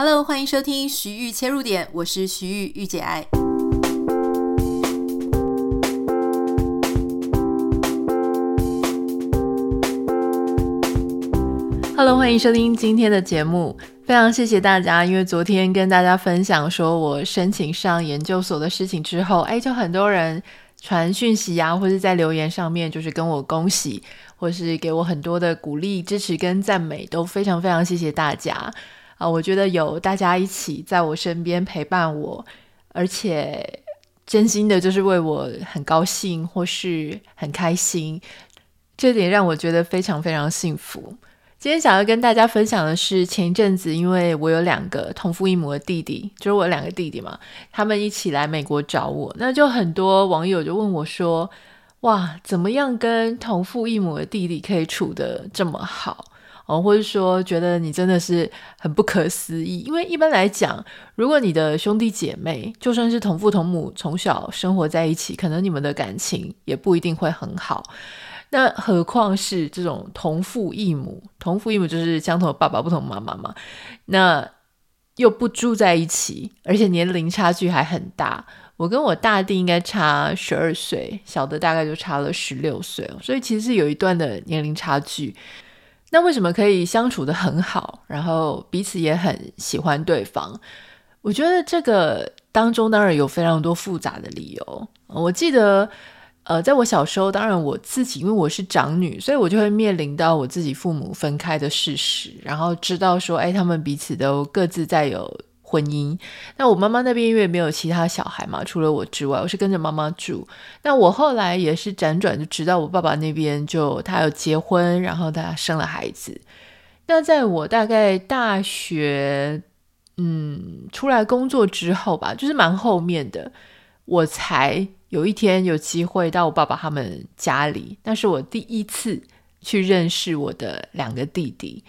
Hello，歡迎收聽徐豫切入點，我是徐豫，御姐愛。Hello，歡迎收聽今天的節目，非常謝謝大家，因為昨天跟大家分享說我申請上研究所的事情之後，哎，就很多人傳訊息啊，或者在留言上面就是跟我恭喜，或是給我很多的鼓勵、支持跟讚美，都非常非常謝謝大家。啊，我覺得有大家一起在我身邊陪伴我，而且真心的，就是為我很高興或是很開心，這點讓我覺得非常非常幸福。今天想要跟大家分享的是，前一陣子因為我有兩個同父異母的弟弟，就是我有兩個弟弟嘛，他們一起來美國找我，那就很多網友就問我說：“哇，怎麼樣跟同父異母的弟弟可以處得這麼好？”哦，或者說覺得你真的是很不可思議，因為一般來講，如果你的兄弟姐妹就算是同父同母，從小生活在一起，可能你們的感情也不一定會很好。那何況是這種同父異母？同父異母就是相同的爸爸，不同媽媽嘛。那又不住在一起，而且年齡差距還很大。我跟我大弟應該差十二歲，小的大概就差了十六歲，所以其實是有一段的年齡差距。那為什麼可以相處得很好，然後彼此也很喜歡對方？我覺得這個當中當然有非常多複雜的理由。我記得，呃，在我小時候，當然我自己，因為我是長女，所以我就會面臨到我自己父母分開的事實，然後知道說，哎，他們彼此都各自在有。婚姻，那我媽媽那邊因為沒有其他小孩嘛，除了我之外，我是跟着媽媽住。那我後來也是輾轉，就直到我爸爸那邊，就他要結婚，然後他生了孩子。那在我大概大學，嗯，出來工作之後吧，就是蠻後面的，我才有一天有機會到我爸爸他們家裡，那是我第一次去認識我的兩個弟弟。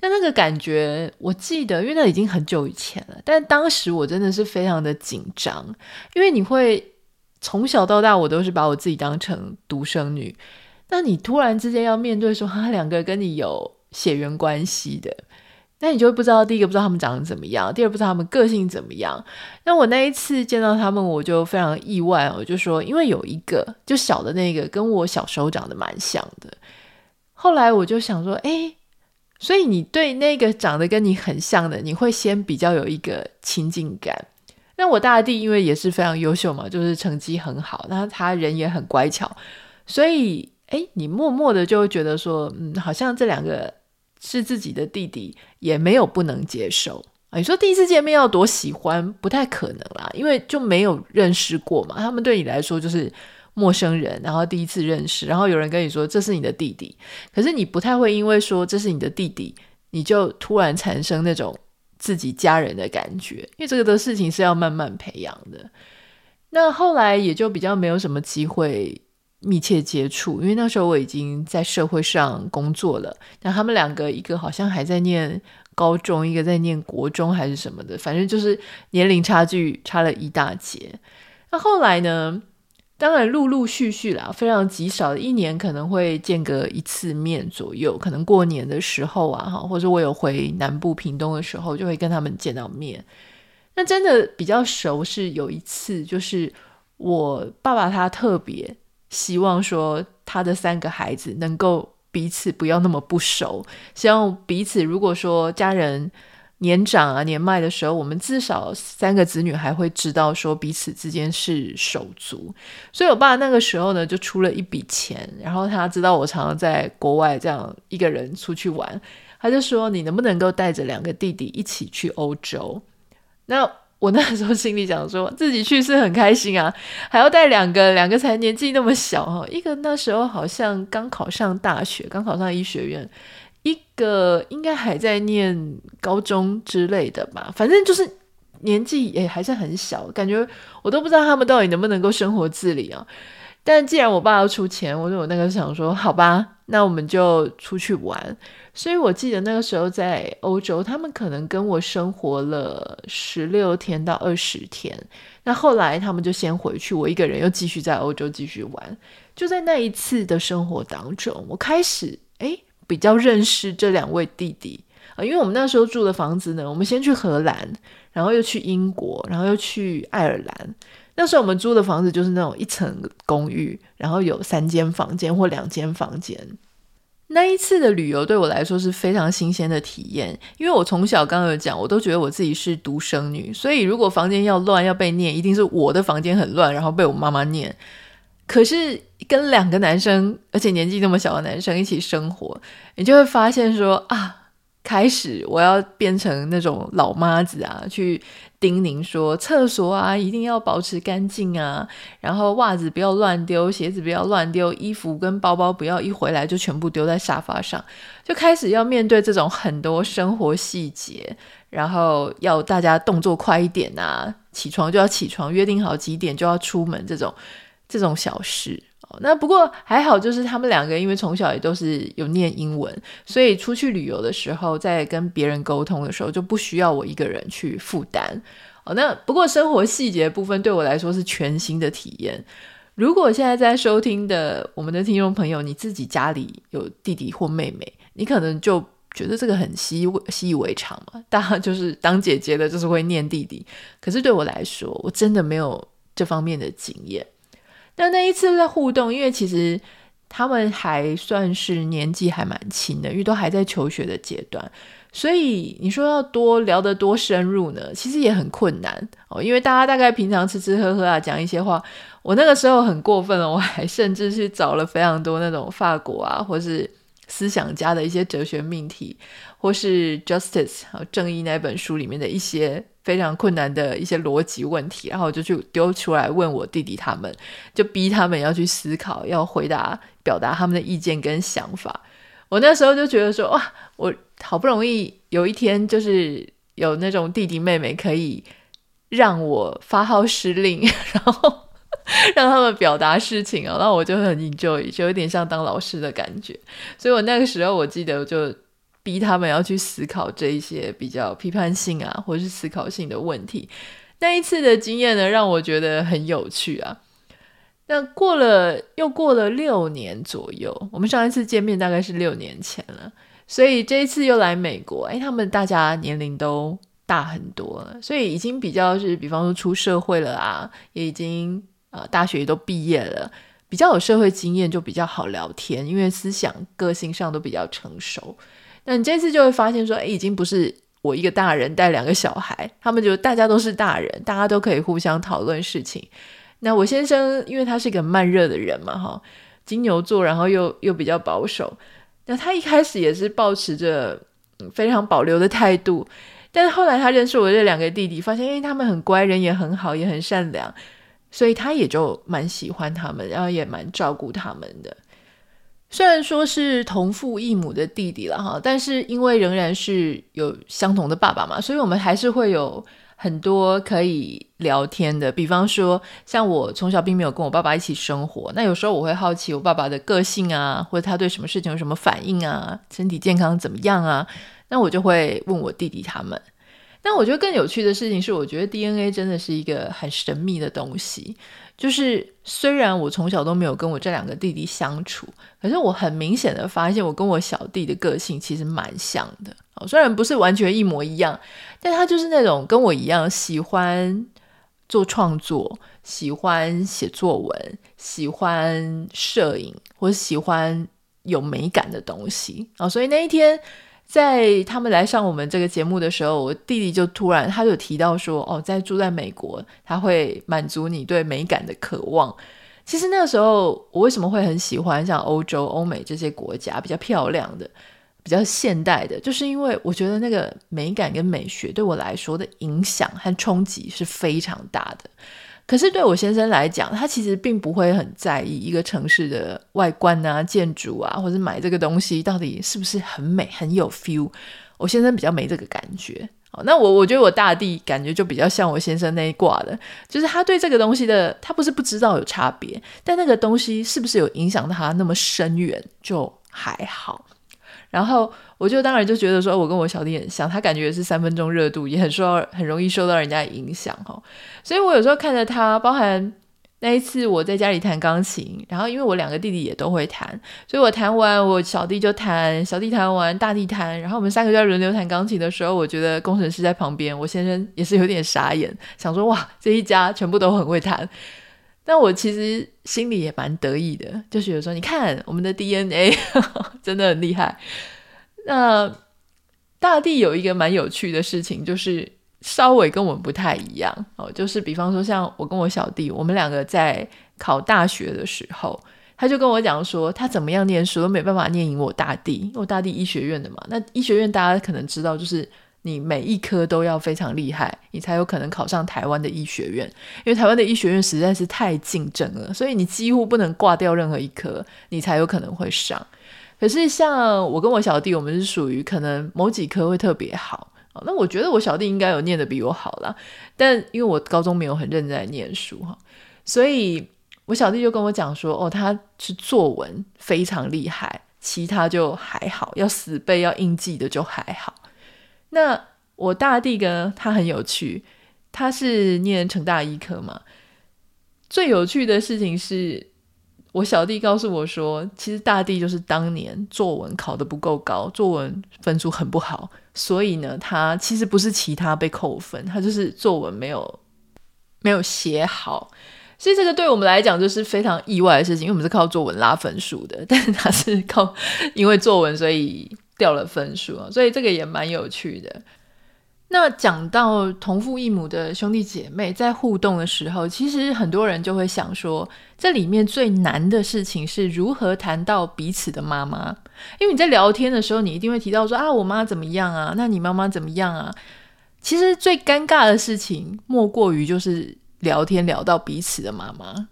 但那個感覺，我記得，因為那已經很久以前了。但當時我真的是非常的緊張，因為你會從小到大，我都是把我自己當成獨生女。那你突然之間要面對說，他、啊、兩個跟你有血緣關係的，那你就會不知道第一個不知道他們長得怎麼樣，第二不知道他們個性怎麼樣。那我那一次見到他們，我就非常意外，我就說，因為有一個就小的那個跟我小時候長得蠻像的。後來我就想說，哎。所以你對那個長得跟你很像的，你會先比較有一個親近感。那我大弟因為也是非常優秀嘛，就是成績很好，那他人也很乖巧，所以，誒，你默默的就會覺得說，嗯，好像這兩個是自己的弟弟，也沒有不能接受，啊。你說第一次見面要多喜歡，不太可能啦，因為就沒有認識過嘛，他們對你來說就是。陌生人，然後第一次認識，然後有人跟你說，這是你的弟弟，可是你不太會因為說這是你的弟弟，你就突然產生那種自己家人的感覺，因為這個的事情是要慢慢培養的。那後來也就比較沒有什麼機會密切接觸，因為那時候我已經在社會上工作了，那他們兩個一個好像還在念高中，一個在念國中還是什麼的，反正就是年齡差距差了一大截。那後來呢？當然，陸陸續續啦，非常極少，一年可能會見個一次面左右。可能過年的時候啊，哈，或者我有回南部屏東的時候，就會跟他們見到面。那真的比較熟，是有一次，就是我爸爸他特別希望說，他的三個孩子能夠彼此不要那麼不熟，希望彼此如果說家人，年長啊，年邁的時候，我們至少三個子女還會知道說彼此之間是手足。所以，我爸那個時候呢，就出了一筆錢。然後他知道我常常在國外這樣一個人出去玩，他就說：“你能不能夠帶着兩個弟弟一起去歐洲？”那我那時候心裡想說，自己去是很開心啊，還要帶兩個，兩個才年紀那麼小哈、哦，一個那時候好像剛考上大學，剛考上醫學院。一個應該還在念高中之類的吧，反正就是年紀也還是很小，感覺我都不知道他們到底能不能夠生活自理啊。但既然我爸要出錢，我就有那個想說，好吧，那我們就出去玩。所以我記得那個時候在歐洲，他們可能跟我生活了十六天到二十天，那後來他們就先回去，我一個人又繼續在歐洲繼續玩。就在那一次的生活當中，我開始，哎。誒比較認識這兩位弟弟啊，因為我們那時候住的房子呢，我們先去荷蘭，然後又去英國，然後又去愛爾蘭。那時候我們租的房子就是那種一層公寓，然後有三間房間或兩間房間。那一次的旅遊對我來說是非常新鮮的體驗，因為我從小剛剛有講，我都覺得我自己是獨生女，所以如果房間要亂要被念，一定是我的房間很亂，然後被我媽媽念。可是跟兩個男生，而且年紀那麼小的男生一起生活，你就會發現說啊，開始我要變成那種老媽子啊，去叮嚀說廁所啊一定要保持乾淨啊，然後襪子不要亂丟，鞋子不要亂丟，衣服跟包包不要一回來就全部丟在沙發上，就開始要面對這種很多生活細節，然後要大家動作快一點啊，起床就要起床，約定好幾點就要出門這種。這種小事哦，那不過還好，就是他們兩個，因為從小也都是有念英文，所以出去旅遊的時候，在跟別人溝通的時候，就不需要我一個人去負擔哦。那不過生活細節的部分對我來說是全新的體驗。如果現在在收聽的我們的聽眾朋友，你自己家裡有弟弟或妹妹，你可能就覺得這個很習以為常嘛，大家就是當姐姐的，就是會念弟弟。可是對我來說，我真的沒有這方面的經驗。那那一次在互動，因為其實他們還算是年紀還蠻輕的，因為都還在求學的階段，所以你說要多聊得多深入呢，其實也很困難哦，因為大家大概平常吃吃喝喝啊，講一些話。我那個時候很過分哦，我還甚至去找了非常多那種法國啊，或是思想家的一些哲學命題，或是《Justice 正義》那本書裡面的一些。非常困難的一些邏輯問題，然後我就去丟出來問我弟弟他們，就逼他們要去思考，要回答、表達他們的意見跟想法。我那時候就覺得說，哇，我好不容易有一天就是有那種弟弟妹妹可以讓我發號施令，然後讓他們表達事情啊，那我就很 enjoy，就有點像當老師的感覺。所以我那個時候我記得就。逼他們要去思考這一些比較批判性啊，或者是思考性的問題。那一次的經驗呢，讓我覺得很有趣啊。那過了又過了六年左右，我們上一次見面大概是六年前了。所以這一次又來美國，誒、哎，他們大家年齡都大很多了，所以已經比較是，比方說出社會了啊，也已經、呃、大學也都畢業了，比較有社會經驗，就比較好聊天，因為思想個性上都比較成熟。那你這次就會發現說，哎，已經不是我一個大人帶兩個小孩，他們就大家都是大人，大家都可以互相討論事情。那我先生，因為他是一個慢熱的人嘛，哈，金牛座，然後又又比較保守，那他一開始也是抱持著非常保留的態度，但是後來他認識我這兩個弟弟，發現因為他們很乖，人也很好，也很善良，所以他也就蠻喜歡他們，然後也蠻照顧他們的。雖然說是同父異母的弟弟了哈，但是因為仍然是有相同的爸爸嘛，所以我們還是會有很多可以聊天的。比方說，像我從小並沒有跟我爸爸一起生活，那有時候我會好奇我爸爸的個性啊，或者他對什麼事情有什麼反應啊，身體健康怎麼樣啊，那我就會問我弟弟他們。但我覺得更有趣的事情是，我覺得 DNA 真的是一個很神秘的東西。就是雖然我從小都沒有跟我這兩個弟弟相處，可是我很明顯的發現，我跟我小弟的個性其實蠻像的。雖然不是完全一模一樣，但他就是那種跟我一樣喜歡做創作、喜歡寫作文、喜歡攝影或者喜歡有美感的東西。所以那一天，在他們來上我們這個節目的時候，我弟弟就突然他就提到說：“哦，在住在美國，他會滿足你對美感的渴望。”其實那個時候，我為什麼會很喜歡像歐洲、歐美這些國家比較漂亮的、比較現代的，就是因為我覺得那個美感跟美學對我來說的影響和衝擊是非常大的。可是對我先生來講，他其實並不會很在意一個城市的外觀啊、建築啊，或者買這個東西到底是不是很美、很有 feel。我先生比較沒這個感覺。哦，那我我覺得我大弟感覺就比較像我先生那一掛的，就是他對這個東西的，他不是不知道有差別，但那個東西是不是有影響他那麼深遠，就還好。然後我就當然就覺得說，我跟我小弟很像，他感覺是三分鐘熱度，也很受，很容易受到人家影響哈。所以我有時候看着他，包含那一次我在家裡彈鋼琴，然後因為我兩個弟弟也都會彈，所以我彈完我小弟就彈，小弟彈完大弟彈，然後我們三個就在輪流彈鋼琴的時候，我覺得工程師在旁邊，我先生也是有點傻眼，想說哇，這一家全部都很會彈。那我其實心裡也蠻得意的，就是有時候你看我們的 DNA 真的很厲害。那大弟有一個蠻有趣的事情，就是稍微跟我們不太一樣哦，就是比方說，像我跟我小弟，我們兩個在考大學的時候，他就跟我講說，他怎麼樣念書都沒辦法念贏我大弟，我大弟醫學院的嘛。那醫學院大家可能知道，就是。你每一科都要非常厲害，你才有可能考上台灣的醫學院，因為台灣的醫學院實在是太競爭了，所以你幾乎不能掛掉任何一科，你才有可能會上。可是像我跟我小弟，我們是屬於可能某幾科會特別好，那我覺得我小弟應該有念的比我好啦，但因為我高中沒有很認真在念書哈，所以我小弟就跟我講說，哦，他是作文非常厲害，其他就還好，要死背要硬記的就還好。那我大弟呢，他很有趣，他是念成大醫科嘛。最有趣的事情是，我小弟告訴我說，其實大弟就是當年作文考得不夠高，作文分數很不好，所以呢，他其實不是其他被扣分，他就是作文沒有沒有寫好。所以這個對我們來講就是非常意外的事情，因為我們是靠作文拉分數的，但是他是靠因為作文所以。掉了分數，所以這個也蠻有趣的。那講到同父異母的兄弟姐妹在互動的時候，其實很多人就會想說，這裡面最難的事情是如何談到彼此的媽媽，因為你在聊天的時候，你一定會提到說啊，我媽怎麼樣啊？那你媽媽怎麼樣啊？其實最尷尬的事情莫過於就是聊天聊到彼此的媽媽。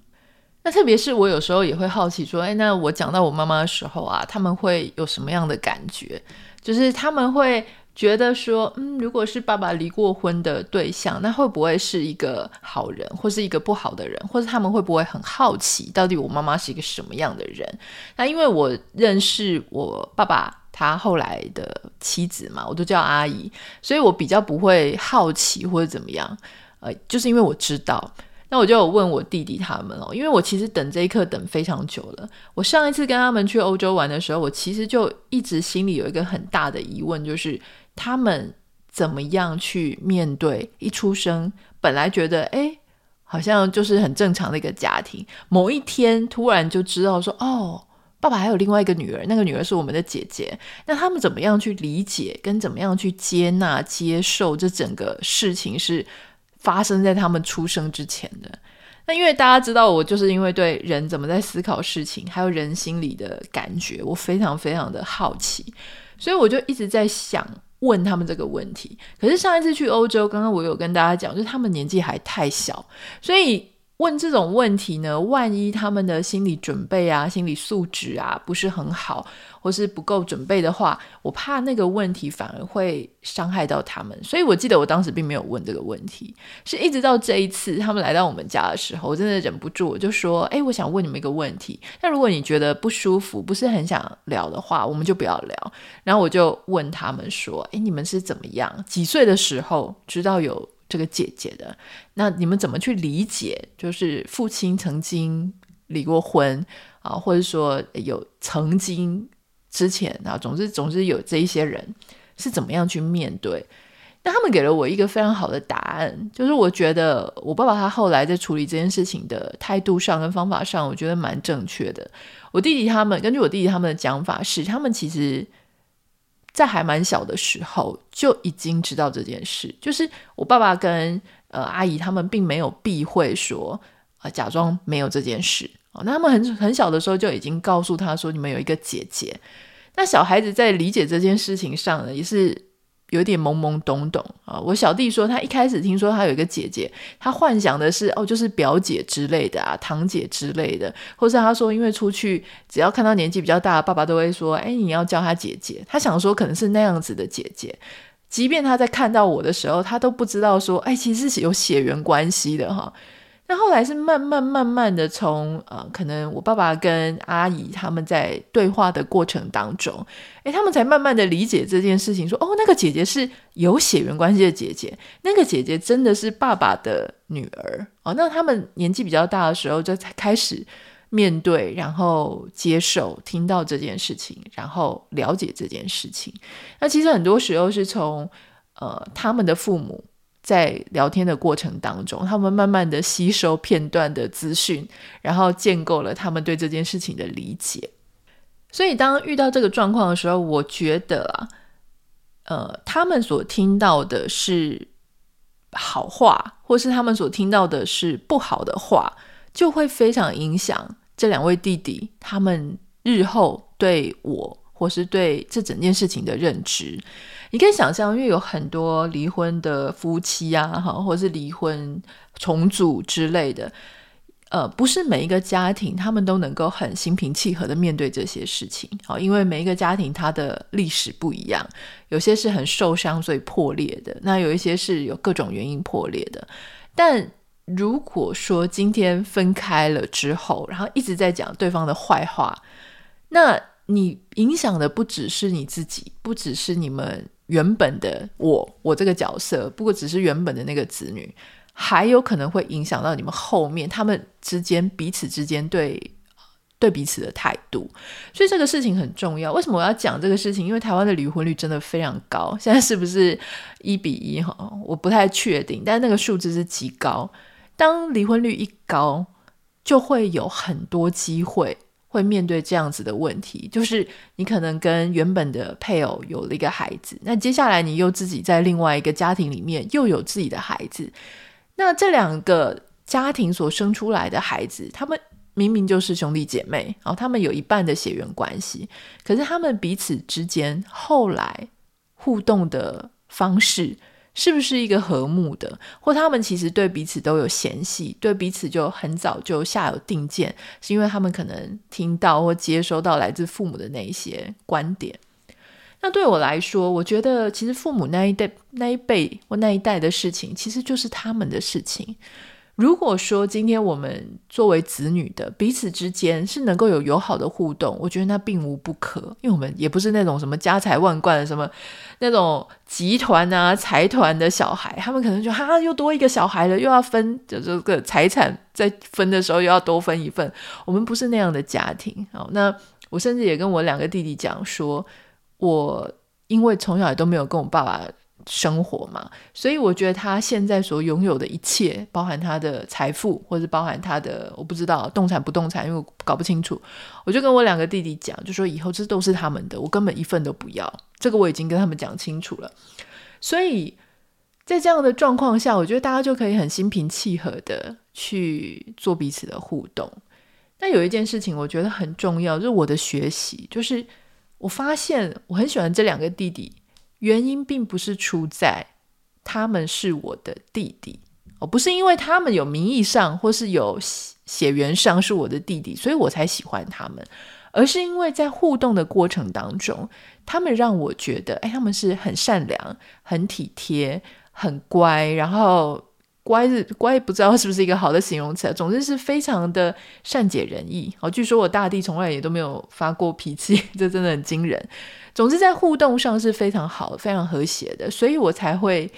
那特別是我有時候也會好奇說，哎、欸，那我講到我媽媽的時候啊，他們會有什麼樣的感覺？就是他們會覺得說，嗯，如果是爸爸離過婚的對象，那會不會是一個好人，或是一個不好的人？或者他們會不會很好奇，到底我媽媽是一個什麼樣的人？那因為我認識我爸爸他後來的妻子嘛，我都叫阿姨，所以我比較不會好奇或者怎麼樣，呃，就是因為我知道。那我就有問我弟弟他們哦，因為我其實等這一刻等非常久了。我上一次跟他們去歐洲玩的時候，我其實就一直心裡有一個很大的疑問，就是他們怎麼樣去面對一出生本來覺得哎，好像就是很正常的一個家庭，某一天突然就知道說哦，爸爸還有另外一個女兒，那個女兒是我們的姐姐。那他們怎麼樣去理解，跟怎麼樣去接納、接受這整個事情是？發生在他們出生之前的，那因為大家知道，我就是因為對人怎麼在思考事情，還有人心裡的感覺，我非常非常的好奇，所以我就一直在想問他們這個問題。可是上一次去歐洲，剛剛我有跟大家講，就是他們年紀還太小，所以。問這種問題呢，萬一他們的心理準備啊、心理素質啊不是很好，或是不夠準備的話，我怕那個問題反而會傷害到他們。所以我記得我當時並沒有問這個問題，是一直到這一次他們來到我們家的時候，我真的忍不住，我就說：“哎，我想問你們一個問題。那如果你覺得不舒服，不是很想聊的話，我們就不要聊。”然後我就問他們說：“哎，你們是怎麼樣？幾歲的時候知道有？”這個姐姐的，那你們怎麼去理解？就是父親曾經離過婚啊，或者說有曾經之前啊，總之總之有這一些人是怎麼樣去面對？那他們給了我一個非常好的答案，就是我覺得我爸爸他後來在處理這件事情的態度上跟方法上，我覺得蠻正確的。我弟弟他們根據我弟弟他們的講法是，他們其實。在還蠻小的時候就已經知道這件事，就是我爸爸跟呃阿姨他們並沒有避諱說，呃假裝沒有這件事。哦，那他們很很小的時候就已經告訴他說，你們有一個姐姐，那小孩子在理解這件事情上呢，也是。有點懵懵懂懂啊！我小弟說，他一開始聽說他有一個姐姐，他幻想的是哦，就是表姐之類的啊，堂姐之類的，或是他說，因為出去只要看到年紀比較大的爸爸都會說，哎、欸，你要叫他姐姐。他想說可能是那樣子的姐姐，即便他在看到我的時候，他都不知道說，哎、欸，其實是有血緣關係的哈。那後來是慢慢慢慢的從呃，可能我爸爸跟阿姨他們在對話的過程當中，哎，他們才慢慢的理解這件事情，說哦，那個姐姐是有血緣關係的姐姐，那個姐姐真的是爸爸的女兒哦。那他們年紀比較大的時候，就才開始面對，然後接受，聽到這件事情，然後了解這件事情。那其實很多時候是從呃他們的父母。在聊天的過程當中，他們慢慢的吸收片段的資訊，然後建構了他們對這件事情的理解。所以當遇到這個狀況的時候，我覺得啊，呃，他們所聽到的是好話，或是他們所聽到的是不好的話，就會非常影響這兩位弟弟他們日後對我或是對這整件事情的認知。你可以想象，因為有很多離婚的夫妻啊，哈，或者是離婚重組之類的，呃，不是每一個家庭他們都能夠很心平氣和地面對這些事情，啊。因為每一個家庭它的歷史不一樣，有些是很受傷所以破裂的，那有一些是有各種原因破裂的，但如果說今天分開了之後，然後一直在講對方的壞話，那，你影響的不只是你自己，不只是你們原本的我，我這個角色，不過只是原本的那個子女，還有可能會影響到你們後面他們之間彼此之間對對彼此的態度，所以這個事情很重要。為什麼我要講這個事情？因為臺灣的離婚率真的非常高，現在是不是一比一哈？我不太確定，但那個數字是極高。當離婚率一高，就會有很多機會。會面對這樣子的問題，就是你可能跟原本的配偶有了一個孩子，那接下來你又自己在另外一個家庭裡面又有自己的孩子，那這兩個家庭所生出來的孩子，他們明明就是兄弟姐妹，然後他們有一半的血緣關係，可是他們彼此之間後來互動的方式。是不是一個和睦的，或他們其實對彼此都有嫌隙，對彼此就很早就下有定見，是因為他們可能聽到或接收到來自父母的那一些觀點。那對我來說，我覺得其實父母那一代、那一輩或那一代的事情，其實就是他們的事情。如果說今天我們作為子女的彼此之間是能夠有友好的互動，我覺得那並無不可，因為我們也不是那種什麼家財萬貫的、的什麼那種集團啊財團的小孩，他們可能就哈、啊、又多一個小孩了，又要分就這、是、個財產在分的時候又要多分一份。我們不是那樣的家庭，好，那我甚至也跟我兩個弟弟講說，我因為從小也都沒有跟我爸爸生活嘛，所以我覺得他現在所擁有的一切，包含他的財富，或者包含他的，我不知道動產不動產，因為我搞不清楚。我就跟我兩個弟弟講，就說以後這都是他們的，我根本一份都不要。這個我已經跟他們講清楚了。所以在這樣的狀況下，我覺得大家就可以很心平氣和的去做彼此的互動。但有一件事情，我覺得很重要，就是我的學習，就是我發現我很喜歡這兩個弟弟。原因並不是出在他們是我的弟弟哦，不是因為他們有名義上或是有血血緣上是我的弟弟，所以我才喜歡他們，而是因為在互動的過程當中，他們讓我覺得，哎，他們是很善良、很體貼、很乖，然後。乖是乖，不知道是不是一個好的形容詞啊，總之是非常的善解人意。哦，據說我大弟從來也都沒有發過脾氣，這真的很驚人。總之在互動上是非常好、非常和諧的，所以我才會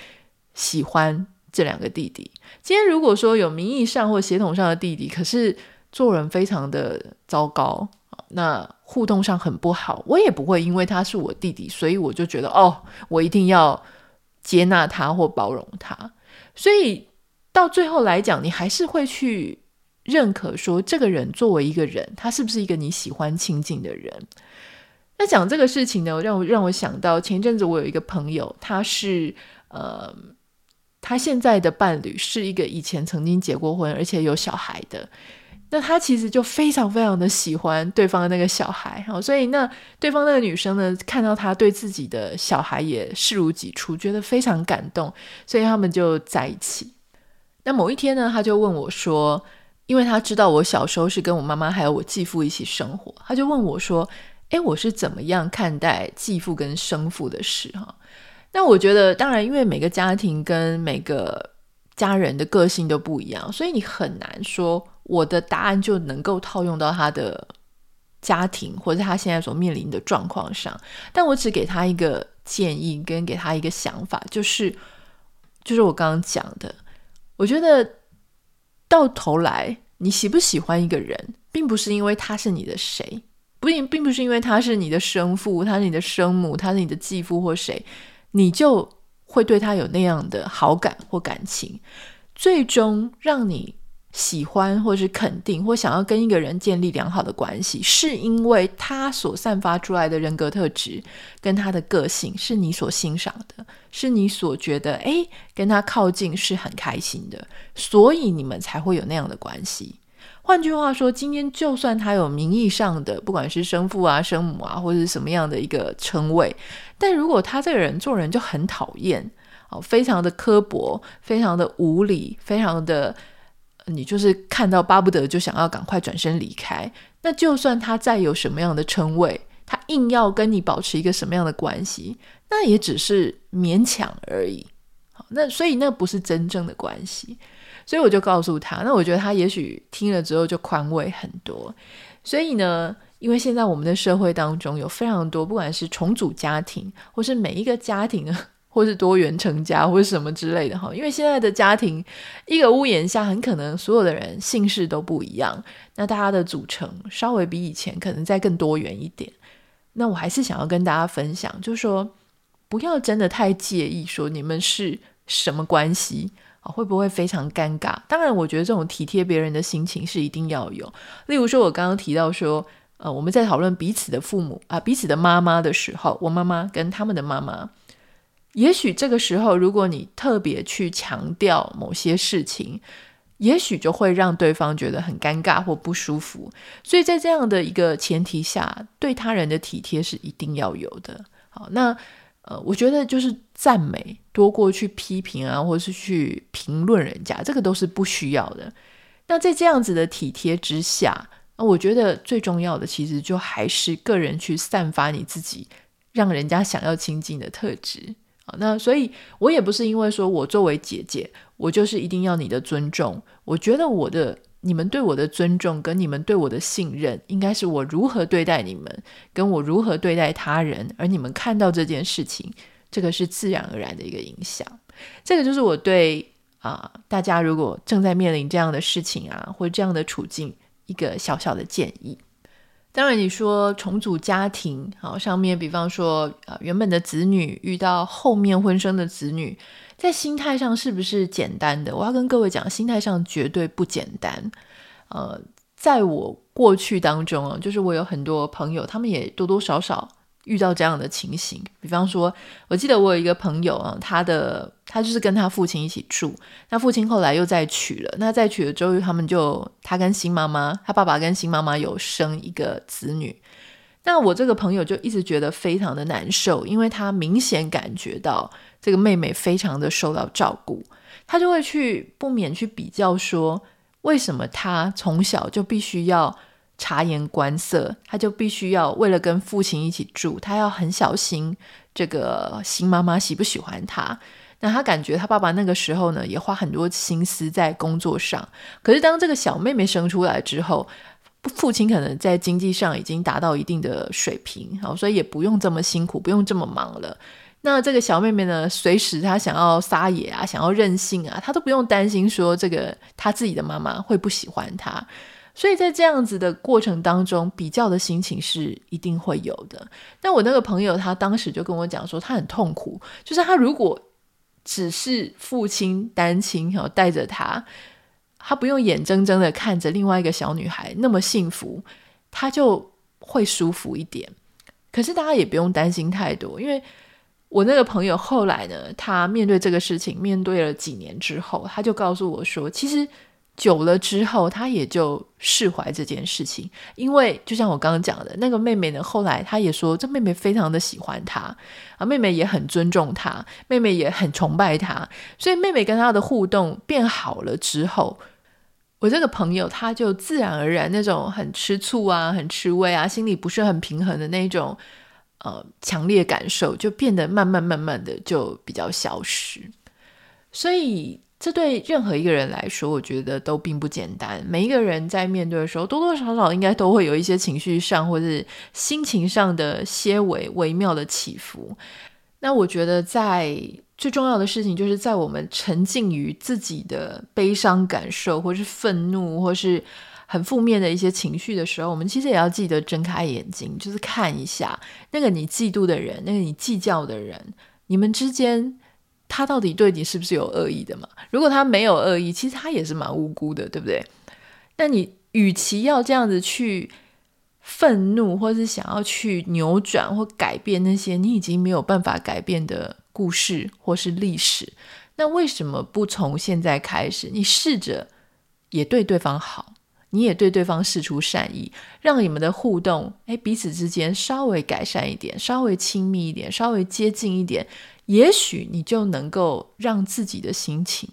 喜歡這兩個弟弟。今天如果說有名義上或血統上的弟弟，可是做人非常的糟糕，那互動上很不好，我也不會因為他是我弟弟，所以我就覺得哦，我一定要接納他或包容他，所以。到最後來講，你還是會去認可說這個人作為一個人，他是不是一個你喜歡親近的人？那講這個事情呢，讓我讓我想到前陣子我有一個朋友，他是呃，他現在的伴侶是一個以前曾經結過婚而且有小孩的。那他其實就非常非常的喜歡對方的那個小孩，所以那對方的那個女生呢，看到他對自己的小孩也視如己出，覺得非常感動，所以他們就在一起。那某一天呢，他就問我說：“因為他知道我小時候是跟我媽媽還有我繼父一起生活，他就問我說：‘誒，我是怎麼樣看待繼父跟生父的事？’哈，那我覺得，當然，因為每個家庭跟每個家人的個性都不一樣，所以你很難說我的答案就能夠套用到他的家庭或者他現在所面臨的狀況上。但我只給他一個建議，跟給他一個想法，就是，就是我剛剛講的。”我覺得，到頭來，你喜不喜歡一個人，並不是因為他是你的誰，不並並不是因為他是你的生父，他是你的生母，他是你的繼父或誰，你就會對他有那樣的好感或感情，最終讓你。喜歡或是肯定或想要跟一個人建立良好的關係，是因為他所散發出來的人格特質跟他的個性是你所欣賞的，是你所覺得哎跟他靠近是很開心的，所以你們才會有那樣的關係。換句話說，今天就算他有名義上的，不管是生父啊、生母啊，或者是什麼樣的一個稱謂，但如果他這個人做人就很討厭，哦，非常的刻薄，非常的無理，非常的。你就是看到巴不得就想要趕快轉身離開，那就算他再有什麼樣的稱謂，他硬要跟你保持一個什麼樣的關係，那也只是勉強而已。好，那所以那不是真正的關係，所以我就告訴他，那我覺得他也許聽了之後就寬慰很多。所以呢，因為現在我們的社會當中有非常多，不管是重組家庭或是每一個家庭或是多元成家，或是什麼之類的哈，因為現在的家庭，一個屋檐下很可能所有的人姓氏都不一樣，那大家的組成稍微比以前可能再更多元一點。那我還是想要跟大家分享，就是說，不要真的太介意說你們是什麼關係啊，會不會非常尷尬？當然，我覺得這種體貼別人的心情是一定要有。例如說，我剛剛提到說，呃，我們在討論彼此的父母啊、呃，彼此的媽媽的時候，我媽媽跟他們的媽媽。也許這個時候，如果你特別去強調某些事情，也許就會讓對方覺得很尷尬或不舒服。所以在這樣的一個前提下，對他人的體貼是一定要有的。好，那呃，我覺得就是讚美多過去批評啊，或是去評論人家，這個都是不需要的。那在這樣子的體貼之下，那我覺得最重要的其實就還是個人去散發你自己，讓人家想要親近的特質。那所以，我也不是因為說我作為姐姐，我就是一定要你的尊重。我覺得我的你們對我的尊重跟你們對我的信任，應該是我如何對待你們，跟我如何對待他人，而你們看到這件事情，這個是自然而然的一個影響。這個就是我對啊，呃，大家如果正在面臨這樣的事情啊，或這樣的處境，一個小小的建議。當然，你說重組家庭，好，上面比方說，呃，原本的子女遇到後面婚生的子女，在心態上是不是簡單的？我要跟各位講，心態上絕對不簡單。呃，在我過去當中啊，就是我有很多朋友，他們也多多少少，遇到這樣的情形，比方說，我記得我有一個朋友啊，他的他就是跟他父親一起住，那父親後來又再娶了，那再娶了之後，他們就他跟新媽媽，他爸爸跟新媽媽有生一個子女，那我這個朋友就一直覺得非常的難受，因為他明顯感覺到這個妹妹非常的受到照顧，他就會去不免去比較說，為什麼他從小就必須要。察言觀色，他就必須要為了跟父親一起住，他要很小心這個新媽媽喜不喜歡他。那他感覺他爸爸那個時候呢，也花很多心思在工作上。可是當這個小妹妹生出來之後，父親可能在經濟上已經達到一定的水平，好、哦，所以也不用這麼辛苦，不用這麼忙了。那這個小妹妹呢，隨時她想要撒野啊，想要任性啊，她都不用擔心說這個她自己的媽媽會不喜歡她。所以在這樣子的過程當中，比較的心情是一定會有的。但我那個朋友他當時就跟我講說，他很痛苦，就是他如果只是父親單親，然後帶着他，他不用眼睜睜地看着另外一個小女孩那麼幸福，他就會舒服一點。可是大家也不用擔心太多，因為我那個朋友後來呢，他面對這個事情，面對了幾年之後，他就告訴我說，其實。久了之後，他也就釋懷這件事情，因為就像我剛剛講的，那個妹妹呢，後來她也說，這妹妹非常的喜歡她，啊，妹妹也很尊重她，妹妹也很崇拜她，所以妹妹跟她的互動變好了之後，我這個朋友他就自然而然那種很吃醋啊、很吃味啊、心裡不是很平衡的那種，呃，強烈感受，就變得慢慢慢慢的就比較消失，所以。這對任何一個人來說，我覺得都並不簡單。每一個人在面對的時候，多多少少應該都會有一些情緒上或是心情上的些微微妙的起伏。那我覺得，在最重要的事情，就是在我們沉浸於自己的悲傷感受，或是憤怒，或是很負面的一些情緒的時候，我們其實也要記得睜開眼睛，就是看一下那個你嫉妒的人，那個你計較的人，你們之間。他到底對你是不是有惡意的嘛？如果他沒有惡意，其實他也是蠻無辜的，對不對？那你與其要這樣子去憤怒，或是想要去扭轉或改變那些你已經沒有辦法改變的故事或是歷史，那為什麼不從現在開始，你試着也對對方好，你也對對方釋出善意，讓你們的互動，誒彼此之間稍微改善一點，稍微親密一點，稍微接近一點。也許你就能夠讓自己的心情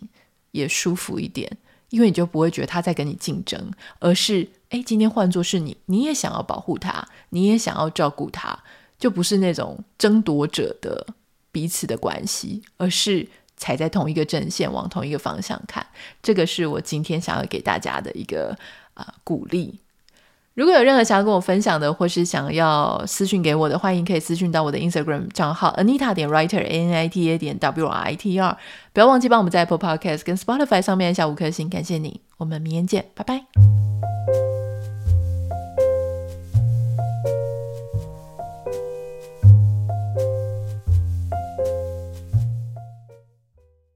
也舒服一點，因為你就不會覺得他在跟你競爭，而是哎，今天換作是你，你也想要保護他，你也想要照顧他，就不是那種爭奪者的彼此的關係，而是踩在同一個陣線，往同一個方向看。這個是我今天想要給大家的一個啊，呃，鼓勵。如果有任何想要跟我分享的，或是想要私訊給我的，歡迎可以私訊到我的 Instagram 賬號 Anita 點 Writer A N I T A 點 W、R、I T R。不要忘記幫我們在 Apple Podcast 跟 Spotify 上面按下五顆星，感謝你。我們明天見，拜拜。